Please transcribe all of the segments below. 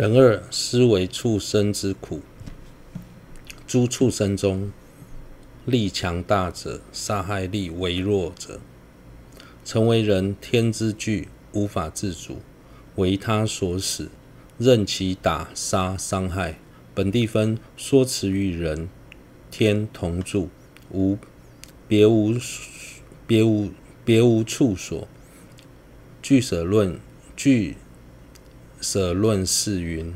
人二思維畜生之苦，諸畜生中力強大者殺害力微弱者，成為人天之具，無法自主，為他所使，任其打殺傷害。本地分說此與人天同住，無別無別無別無，無處所。俱舍論俱。舍論是雲，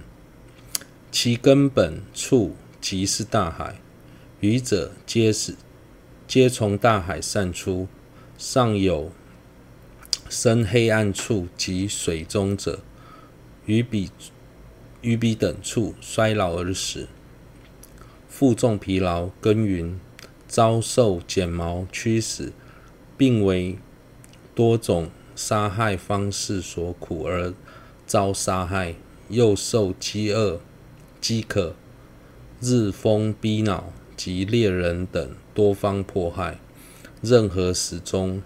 其根本處即是大海，愚者皆是，皆從大海散出。尚有深黑暗處及水中者，於彼，彼等處衰老而死，負重疲勞耕耘，遭受剪毛驅使，並為多種殺害方式所苦而。遭殺害，又受飢餓、飢渴、日風逼惱及獵人等多方迫害，任何時中，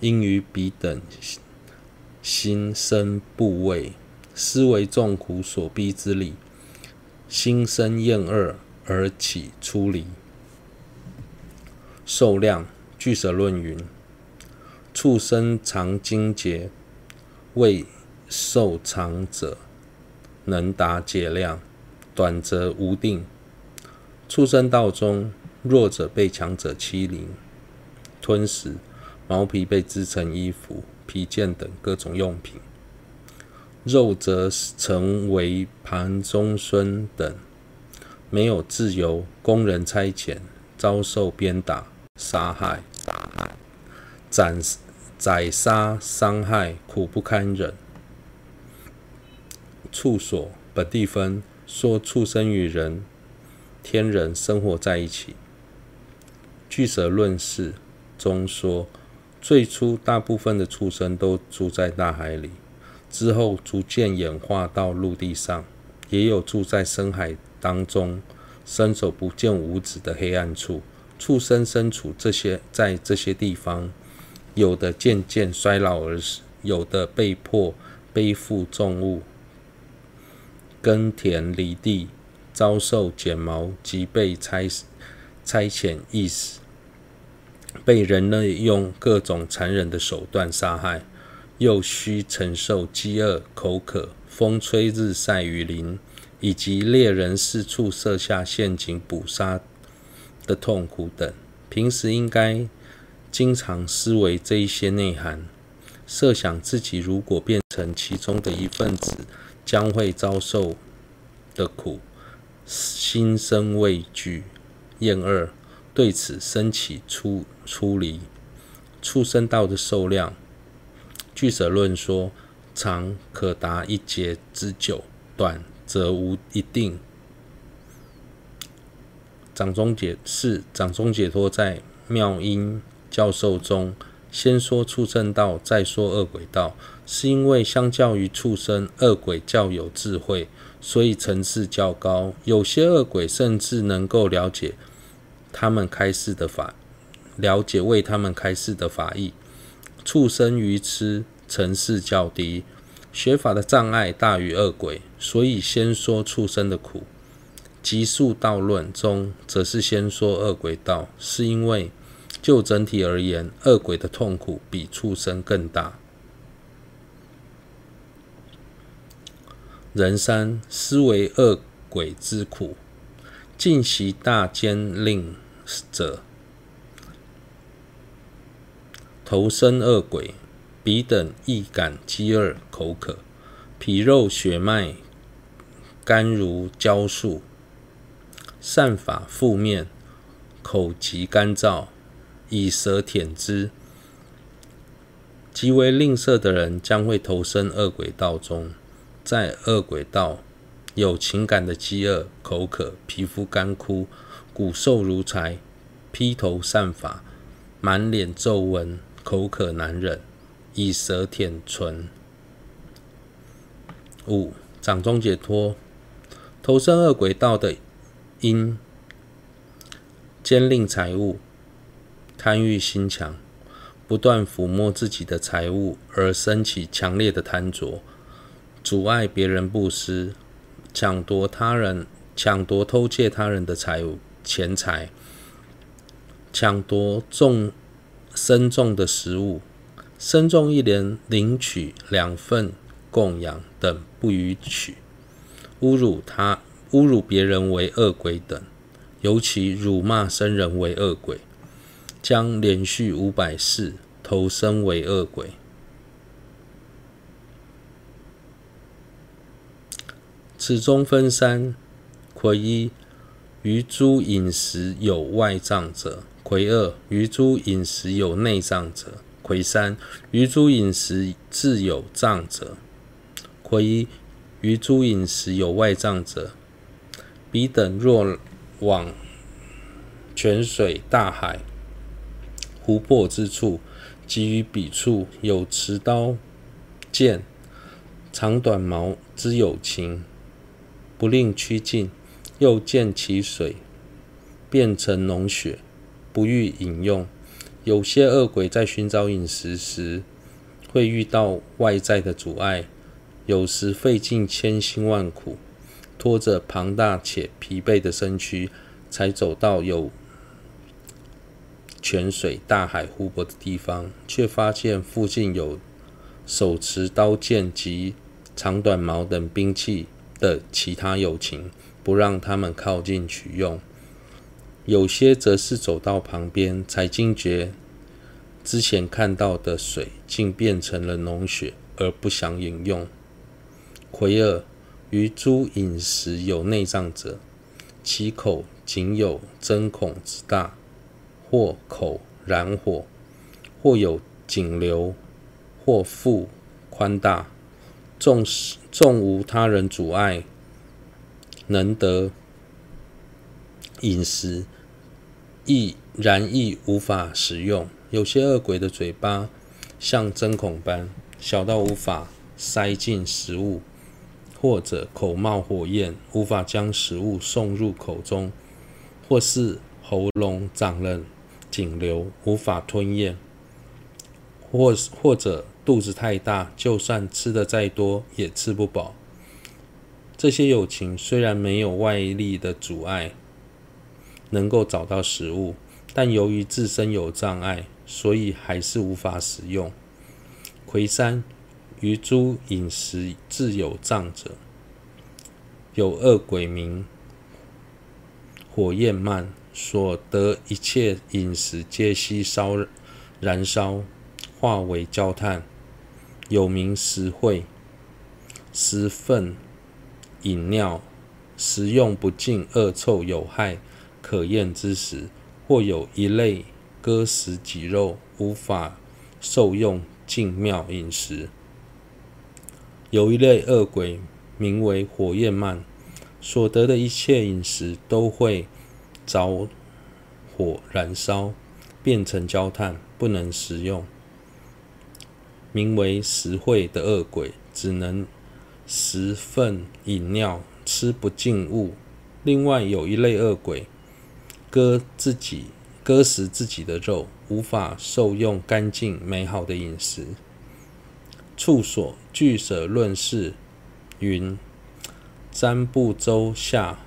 應於彼等心生怖畏、思維重苦所逼之力，心生厭惡而起出離。壽量俱舍論云：畜生長經劫為。畏壽長者能達劫量，短則無定。畜生道中，弱者被強者欺凌、吞食，毛皮被織成衣服、皮件等各種用品；肉則成為盤中飧等，沒有自由，供人差遣，遭受鞭打、殺害、斬、宰殺、傷害，苦不堪忍。處所，本地分說，畜生與人天人生活在一起。俱舍論釋中說，最初大部分的畜生都住在大海裡，之後逐漸演化到陸地上，也有住在深海當中，伸手不見五指的黑暗處。畜生身處這些在這些地方，有的漸漸衰老而死，有的被迫背負重物。耕田犁地，遭受剪毛及被差差遣役使，被人類用各種殘忍的手段殺害，又需承受飢餓、口渴、風吹日曬、雨淋，以及獵人四處設下陷阱捕殺的痛苦等。平時應該經常思維這一些內涵，設想自己如果變成其中的一份子。將會遭受的苦，心生畏懼、厭惡，對此升起出出離。畜生道的壽量，俱舍論說，長可達一劫之久，短則無一定。掌中解是掌中解脫，在妙音教授中，先說畜生道，再說惡鬼道。是因為相較於畜生，惡鬼較有智慧，所以層次較高。有些惡鬼甚至能夠了解他們開示的法，了解為他們開示的法義。畜生愚痴，層次較低，學法的障礙大於惡鬼，所以先說畜生的苦。極速道論中，則是先說惡鬼道，是因為就整體而言，惡鬼的痛苦比畜生更大。壬三，思為餓鬼之苦。盡習大慳吝者，投身餓鬼。彼等易感飢餓、口渴，皮肉血脈乾如焦樹，散髮覆面，口極乾燥，以舌舔之。極為吝嗇的人將會投身餓鬼道中。在惡鬼道，有情感的飢餓、口渴、皮膚乾枯、骨瘦如柴、披頭散髮、滿臉皺紋、口渴難忍，以舌舔唇。五、掌中解脫，投身惡鬼道的因，慳吝財物、貪慾心強，不斷撫摸自己的財物，而生起強烈的貪着。阻礙別人布施，搶奪他人、搶奪、偷竊他人的財物、錢財，搶奪僧、僧眾的食物，僧眾一連領取兩份供養等不與取，侮辱他、侮辱別人為惡鬼等，尤其辱罵僧人為惡鬼，將連續五百世投生為惡鬼。此中分三：癸一，於飲食有外障者；癸二，於飲食有內障者；癸三，於飲食自有障者。癸一，於飲食有外障者。彼等若往泉水、大海、湖泊之處，及於彼處有持刀劍、長短矛之有情，不令趨近，又見其水變成膿血，不欲飲用。有些惡鬼在尋找飲食時，會遇到外在的阻礙，有時費盡千辛萬苦，拖着龐大且疲憊的身軀，才走到有泉水、大海、湖泊的地方，卻發現附近有手持刀劍及長短矛等兵器。的其他友情，不讓他們靠近取用；有些則是走到旁邊才驚覺，之前看到的水竟變成了膿血，而不想飲用。其二，於諸飲食有內障者，其口僅有針孔之大，或口燃火，或有頸瘤，或腹寬大，縱使縱無他人阻礙，能得飲食，亦然亦無法食用。有些惡鬼的嘴巴像針孔般小到無法塞進食物，或者口冒火焰，無法將食物送入口中，或是喉嚨長了頸瘤，無法吞嚥，或或者。肚子太大，就算吃得再多也吃不飽。這些有情雖然沒有外力的阻礙，能夠找到食物，但由於自身有障礙，所以還是無法食用。魁山餘諸飲食自有障者，有惡鬼名火焰曼，所得一切飲食皆悉燒燃燒。化為焦炭，有名食穢、食糞、飲尿、食用不盡、惡臭有害、可厭之食；或有一類割食己肉，無法受用淨妙飲食。有一類惡鬼，名為火焰曼，所得的一切飲食都會着火燃燒，變成焦炭，不能食用。名為食穢的惡鬼，只能食糞飲尿，吃不淨物。另外有一類惡鬼，割自己、割食自己的肉，無法受用乾淨美好的飲食。處所俱舍論釋云：贍部洲下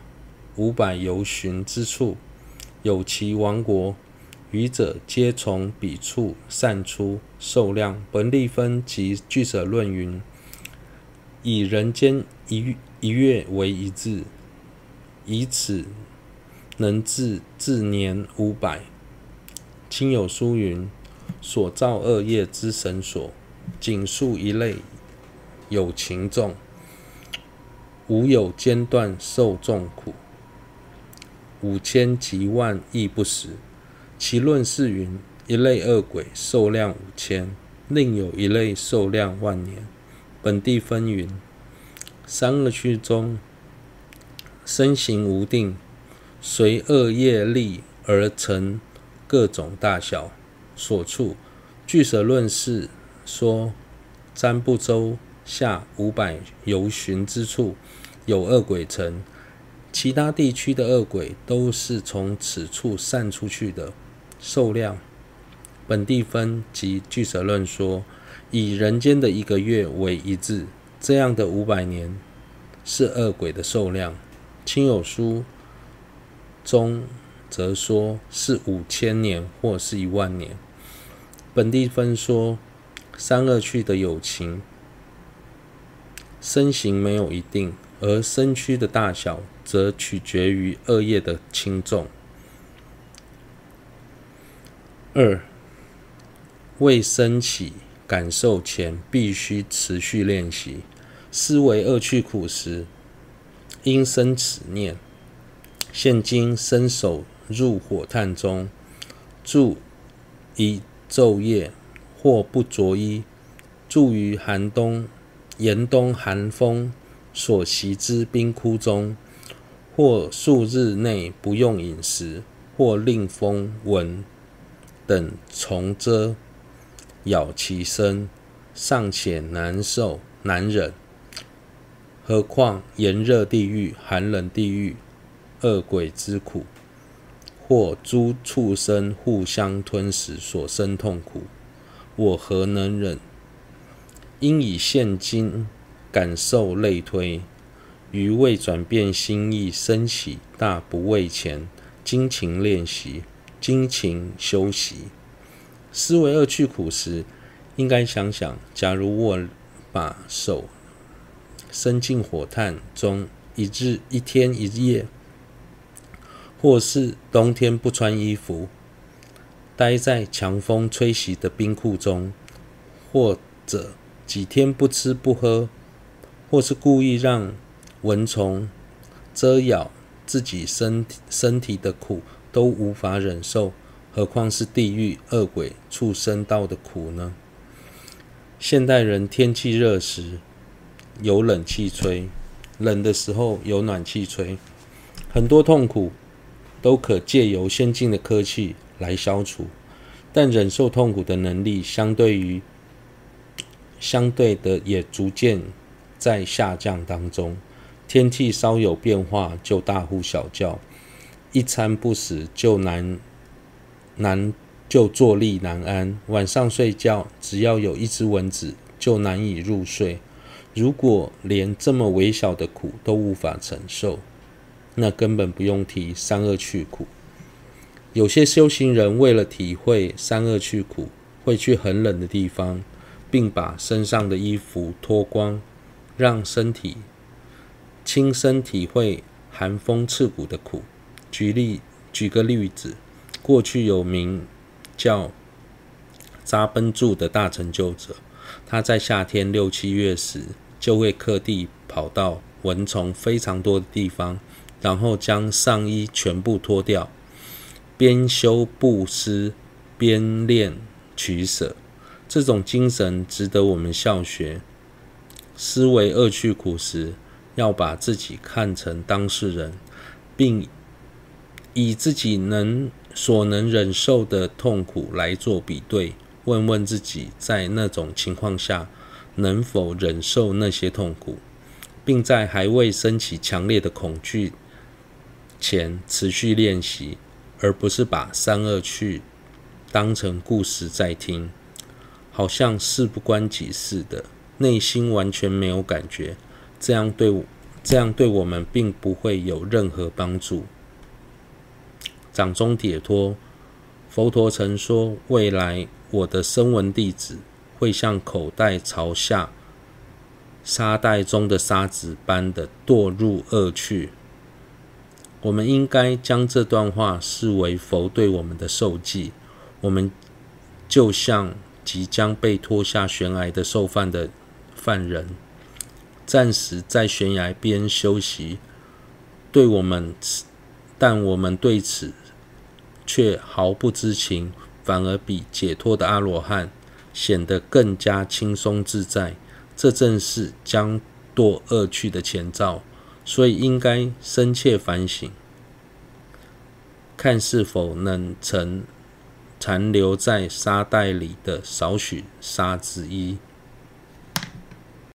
五百由旬之處，有其王國。愚者皆從彼處散出壽量。本立分及俱舍論云：以人間一一月為一日，以此能至至年五百。親友書雲：所造惡業之繩索僅數一類，有情眾，無有間斷受眾苦，五千及萬亦不死。其論是云，一類惡鬼壽量五千，另有一類壽量萬年，本地分云，三惡趣中，身形無定，隨惡業力而成各種大小所處。俱舍論是說，贍部洲下五百由旬之處有惡鬼城，其他地區的惡鬼都是從此處散出去的。壽量，本地分及俱舍論說，以人間的一個月為一日。這樣的五百年是惡鬼的壽量。親友書中則說是五千年或是一萬年。本地分說，三惡趣的有情身形沒有一定，而身軀的大小則取決於惡業的輕重。二未升起感受前，必須持續練習。思維惡趣苦時，應生此念。現今伸手入火炭中，住一晝夜，或不着衣，住於寒冬嚴冬寒風所襲之冰窟中，或數日內不用飲食，或令風聞。等蟲蟄咬其身，尚且難受難忍，何況炎熱地獄、寒冷地獄、餓鬼之苦，或諸畜生互相吞食所生痛苦，我何能忍？應以現今感受類推，於未轉變心意生起大怖畏前，精勤練習。精勤修習，思維惡去苦時，應該想想：假如我把手伸進火炭中，一日一天一夜；或是冬天不穿衣服，待在強風吹襲的冰庫中；或者幾天不吃不喝；或是故意讓蚊蟲遮咬自己身身體的苦，都無法忍受，何況是地獄惡鬼畜生道的苦呢？現代人天氣熱時有冷氣吹，冷的時候有暖氣吹，很多痛苦都可借由先進的科技來消除。但忍受痛苦的能力相對，相對於相對的，也逐漸在下降當中。天氣稍有變化就大呼小叫。一餐不食，就難，難就坐立難安。晚上睡覺，只要有一隻蚊子，就難以入睡。如果連這麼微小的苦都無法承受，那根本不用提三惡趣苦。有些修行人為了體會三惡趣苦，會去很冷的地方，並把身上的衣服脫光，讓身體親身體會寒風刺骨的苦。舉例，舉個例子，過去有名叫扎奔著的大成就者，他在夏天六七月時，就會特地跑到蚊蟲非常多的地方，然後將上衣全部脫掉，邊修布施，邊練取舍。這種精神值得我們效學。思維惡趣苦時，要把自己看成當事人，並。以自己能所能忍受的痛苦來做比對，問問自己在那種情況下能否忍受那些痛苦，並在還未升起強烈的恐懼前持續練習，而不是把三惡趣當成故事在聽，好像事不關己似的，內心完全沒有感覺。這樣對這樣對我們，並不會有任何幫助。掌中鐵托佛陀曾說：“未來我的聲聞弟子會像口袋朝下、沙袋中的沙子般的墮入惡趣。”我們應該將這段話視為佛對我們的受記。我們就像即將被拖下懸崖的受犯的犯人，暫時在懸崖邊休息。對我們，但我們對此。卻毫不知情，反而比解脫的阿羅漢顯得更加輕鬆自在。這正是將墮惡趣的前兆，所以應該深切反省，看是否能成殘留在沙袋裡的少許沙子之一。